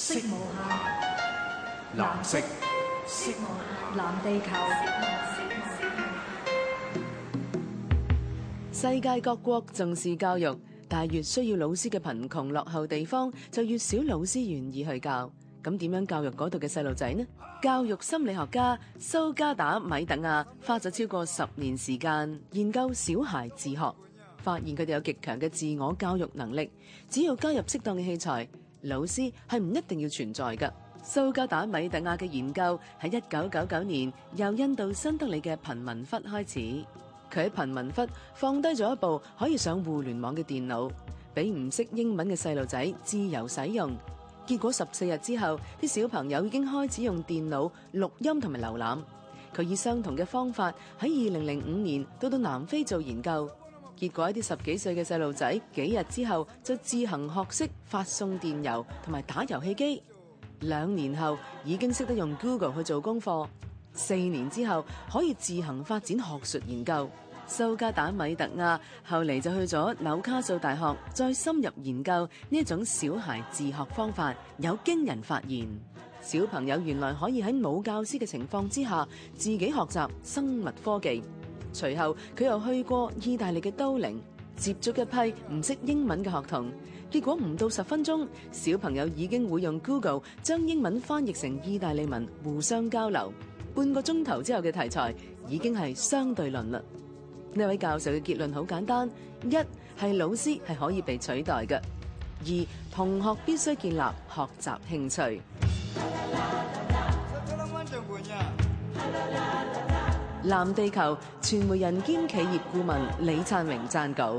色無限，藍色，色藍地球。世界各國重視教育，但係越需要老師嘅貧窮落後地方，就越少老師願意去教。咁點樣教育嗰度嘅細路仔呢？教育心理學家蘇加達米特亞花咗超過十年時間研究小孩自學，發現佢哋有極強嘅自我教育能力，只要加入適當嘅器材。老師係唔一定要存在嘅。蘇格打米特亞嘅研究喺一九九九年由印度新德里嘅貧民窟開始，佢喺貧民窟放低咗一部可以上互聯網嘅電腦，俾唔識英文嘅細路仔自由使用。結果十四日之後，啲小朋友已經開始用電腦、錄音同埋瀏覽。佢以相同嘅方法喺二零零五年到到南非做研究。結果一啲十幾歲嘅細路仔幾日之後就自行學識發送電郵同埋打遊戲機，兩年後已經識得用 Google 去做功課，四年之後可以自行發展學術研究。蘇加達米特亞後嚟就去咗紐卡素大學，再深入研究呢一種小孩自學方法，有驚人發現：小朋友原來可以喺冇教師嘅情況之下自己學習生物科技。隨後佢又去過意大利嘅都靈，接觸一批唔識英文嘅學童，結果唔到十分鐘，小朋友已經會用 Google 將英文翻譯成意大利文互相交流。半個鐘頭之後嘅題材已經係相對論啦。呢位教授嘅結論好簡單：一係老師係可以被取代嘅；二同學必須建立學習興趣。 藍地球傳媒人兼企業顧問李燦榮撰稿。